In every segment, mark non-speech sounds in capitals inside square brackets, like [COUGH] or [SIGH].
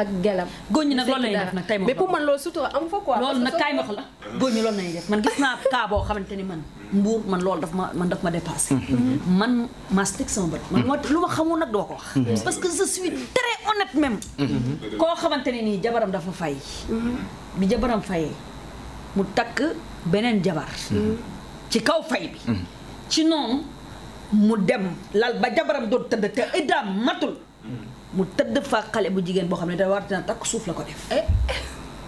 ak gelam. góor ñi nag loolu lañuy def nag tey ma mais pour man loolu surtout am fa quoi. loolu nag kaay ma wax la góor ñi loolu lañuy def man gis naa cas xamante ni man. mbuur man loolu daf ma man daf ma dépassé. Mhm. man maa si teg sama bët. man moo lu ma xamoon nag doo ko wax. Mhm. parce que je suis très honnête même. Mhm. koo xamante ne nii jabaram dafa fay. bi jabaram fayee mu takk beneen jabar. ci kaw fay bi. ci noonu mu dem lal ba jabaram doon tëdd te iddaam matul. mu tëdd fa xale bu jigéen boo xam ne da war dina takk suuf la ko def. Eh?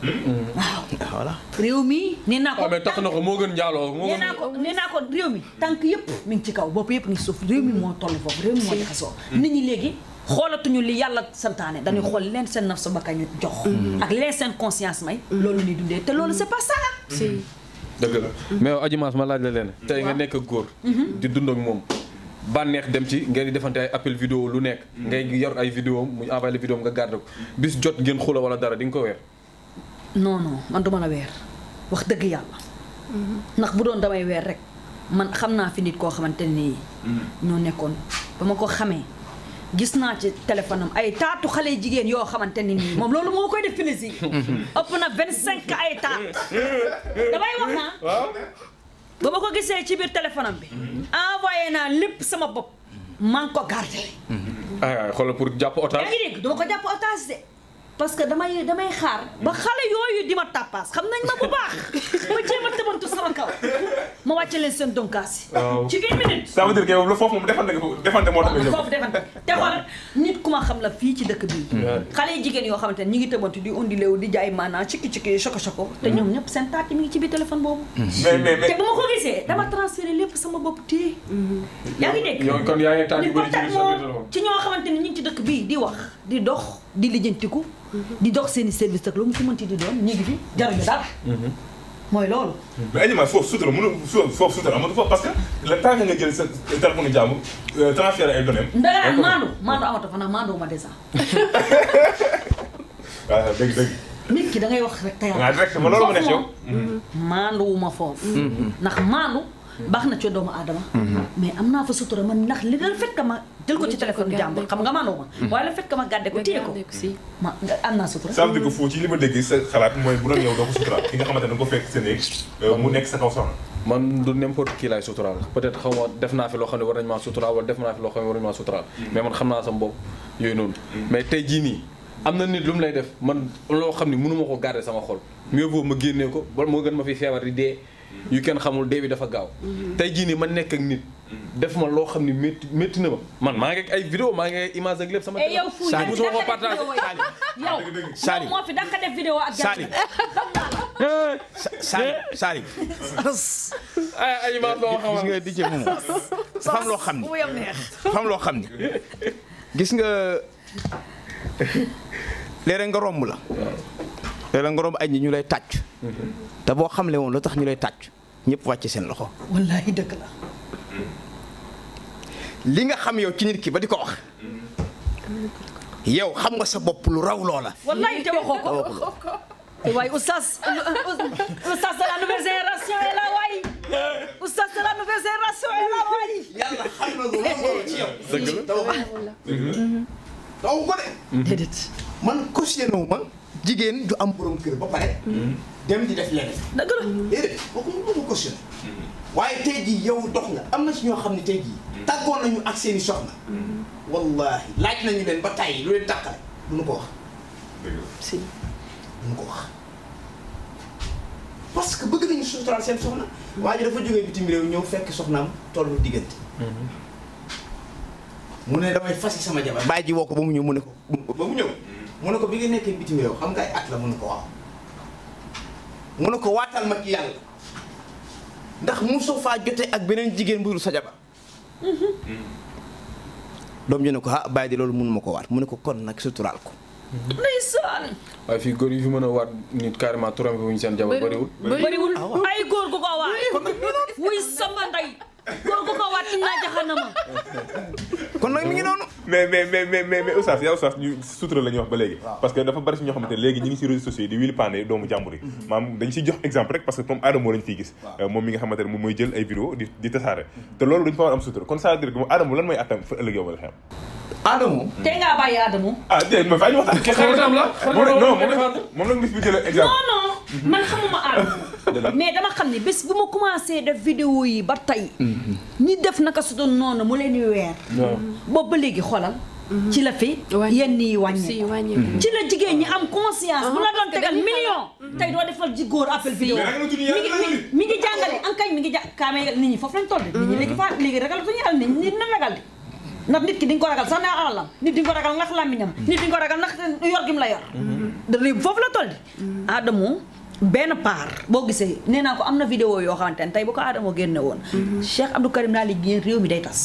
Hmm? waaw. Ah, réew mi. nee naa ko ah, mais tax na ko moo gën njaaloo moo gën. nee naa ko nee naa réew mi tànk yëpp mi ngi ci kaw bopp yëpp ngi suuf réew mi moo toll foofu réew mi moo jaxasoo. Hmm. nit ñi léegi xoolatuñu li yàlla santaane dañuy xool leen seen naf sa bakkan ñu jox. Hmm. ak leen seen conscience may. loolu ñuy dundee te loolu c'est pas ça. dëgg la mais oo Mass ma laaj la leen. tey nga nekk góor. di dund moom. bànneex dem ci ngeen di defante ay appel vidéo lu nekk. Mm. ngay yor ay vidéo muy envoyé la vidéo nga garde ko bis jot ngeen xula wala dara di nga ko weer. noonu non man duma la weer wax dëgg yàlla. Mm-hmm. ndax bu doon damay weer rek man xam naa fi nit koo xamante nii mm-hmm. ñoo nekkoon ba ma ko xamee. gis naa ci téléphone am ay taatu xale jigéen yoo xamante ni nii moom loolu moo koy def plaisir. Mm-hmm. ëpp na vingt cinq ay taat [LAUGHS] damay wax naa. ba ma ko gisee ci biir téléphone am bi envoyé naa lépp sama bopp maa ngi ko gardé ah xoolal pour jàpp otage yaa ngi dégg ko jàpp otage de parce que damay damay xaar ba xale yooyu di ma tàppaas xam nañ ma bu baax [LAUGHS] ma jéem a tëbantu sama kaw ma wàcce leen seen donkaas yi. ci une minute. ça veut dire que moom foofu moom defante defante moo te xoolal nit ku ma xam la fii ci dëkk bi. Mm. xale yu jigéen yoo xamante ne ñu ngi tëbantu di undilewu di jaay maanaa cikki-cikki choco-choco. te mm. ñoom ñëpp seen taat yi mi ci biir téléphone boobu. Mm. mais mais mais te dama transféré lépp sama bopp téye. Mm-hmm. yaa ngi dégg yow kon yaa ngi tànn bëri ci ñoo xamante ne ñu ngi di wax di dox di lijjantiku. Mm-hmm. di dox seen i service ak lu mu ci mënti di doon ñu ngi fi jaruñu dara mm-hmm. mooy loolu. mais Aliouma foofu sutura mënu foofu sutura amatu fa parce que le temps que nga jël sa téléphone nga jàmm euh, transférer ay données. maandu maandu amatu fa maandu ma de sax. [LAUGHS] Ah, waaw dëgg nit ki da wax rek te yàlla. loolu ma ne ci yow. maanduwuma foofu. Mm-hmm. ndax maandu. baax na ci mm-hmm. am naa xam nga mm-hmm. naa sutura. ça veut dire que foofu ci li ma dégg sa xalaat mooy bu ne ko fekk sa néeg euh, mu nekk sa kaw soxna. man du n'importe qui laay suturaal peut-être xaw ma def naa fi loo xam ne war nañu maa suturaal wala mais man xam naa sama bopp yooyu noonu. mais tey jii nii am na nit lu mu lay def man loo xam ni mënuma ko garder sama xol mieux vaut ma génnee ko ba moo gën ma fi feebar di dee yu kenn xamul dee bi dafa gaaw mhm. tey jii nii ma nekk ak nit mhm. def ma loo xam ni metti métti na ma man maa ngi ay vidéo maa ngi ay image ak lépp sama eh, yow fu musuma ko partage yow ay eh, [LAUGHS] eh, ay image boo xam gis nga di ci [LAUGHS] loo xam ni fam loo xam ni [LAUGHS] gis nga [LAUGHS] léeg-léeg nga romb la léeg nga romb ay ñi ñu lay tàcc mm-hmm. te boo xamle woon lu tax ñu lay tàcc ñépp wàcc seen loxo mm-hmm. li nga xam yow ci nit ki ba di ko wax mm-hmm. yow xam nga sa bopp lu raw loola wallaahi te waxoo ko waaye oustaz oustaz de la nouvelle génération est là waay oustaz la nouvelle génération est là yàlla xam na lu raw ci yow doo ko de. Mm-hmm. man cautionné wu ma jigéen du am borom kër ba pare. Mm-hmm. dem di def leneen. dëgg la mm-hmm. déedéet kooku mënu ma cautionné. waaye tey jii yow dox nga am na ci ñoo xam ne tey jii. tàggoon nañu ak seen i soxna. wallaahi laaj nañu leen ba tàyyi lu leen tàqale du nu ko wax. si du nu ko wax. parce que bëgg nañu suturaal seen soxna. waaye dafa jógee bitim réew ñëw fekk soxnaam tollu diggante. mu ne damay fas sama jabar bàyyi ji woo ko ba mu ñëw mu ne ko ba mu ñëw mu ne ko bi nga nekkee bitim réew xam nga at la mu ne ko waaw mu ne ko waatal ma yàlla ndax mosoo faa jotee ak beneen jigéen bu dul sa jabar mm-hmm. doom ji ne ko ah bàyyi ji loolu mënuma ko waat mu ne ko kon nag suturaal ko mm-hmm. ndeysaan waaye fii góor yi fi mën a waat nit carrément turam fi wuñu seen jabar bëriwul ah, ay góor gu ko waay wuy sama ndey góor gu ko waat naa jaxanama kon nag mi ngi noonu. mais mais mais mais mais Oustaz yaa Oustaz ñu sutura la ñuy wax ba léegi. parce que dafa bari si ñoo xamante ne léegi ñu ngi si réseaux sociaux yi di wili paande doomu jàmbur yi. Mhm. maam dañ siy jox exemple rek parce que comme Adamo lañ fiy gis. Euh, moom mi nga xamante ne moom mooy jël ay vidéo di di tasaare. te loolu dañ fa war am sutura kon ça veut dire que moom Adamo lan mooy attam fa ëllëg yow wala xam. Adamo. tey ngaa bàyyi Adamo. ah déedéet ma fay ñu waxtaan. xaritam la xaritam la moom la moom la moom la moom la moom la Mm-hmm. man xamuma aar [LAUGHS] mais dama xam ne bés bu ma commencé def vidéo yi ba tey mm-hmm. ñi def naka su doon noonu mu leen di weer mm-hmm. boobu ba léegi xoolal ci la fi yenn yi wàññi ci la jigéen ñi am conscience uh-huh. bu la doon tegal million tey doo defal ji góor appel vidéo mi ngi jàngale an kay mi ngi jàng kaamee nit ñi foofu lañ toll nit na ragal ndax nit ki di nga ko ragal sax naa alalam nit di ko ragal ndax làmmiñam nit di nga ko ragal ndax yor gi mu la yor foofu la toll di Adamu benn part boo gisee nee naa ko am na vidéo yoo xamante ne tey boo ko Adamo génne woon. Mhm. Cheikh Abdou Karim Naly génn réew mi day tas.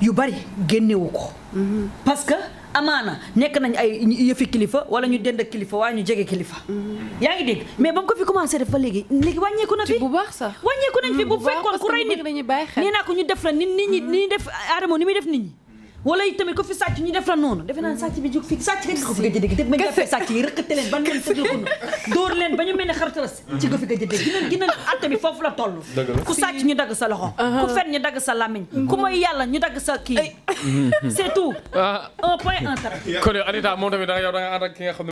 yu bari génnewu ko. Mhm. parce que amaana nekk nañ ay yëfi kilifa wala ñu dend kilifa waa ñu jege kilifa. Mhm. yaa ngi dégg mais ba mu ko fi commencé def ba léegi léegi wàññeeku na fi. bu baax sax wàññeeku nañ fi mm, bu fekkoon ku rey nit. nee naa ko ñu def la nit ñi mm-hmm. ni def Adamo ni muy def nit ñi. wala itamit ko fi sàcc ñu def la noonu defe naa sàcc bi jóg fii fi gëj a dégg dégg ma jàppee sàcc yi rëqate leen ban leen leen ba ñu mel ne xartaras ci nga fi gëj a dégg gina gina atte bi foofu la toll ku sàcc ñu dagg sa loxo uh-huh. fen ñu dagg sa làmmiñ ku mooy yàlla ñu dagg sa kii [LAUGHS] c'est ah. point un trait kon Anita moom tamit da nga xam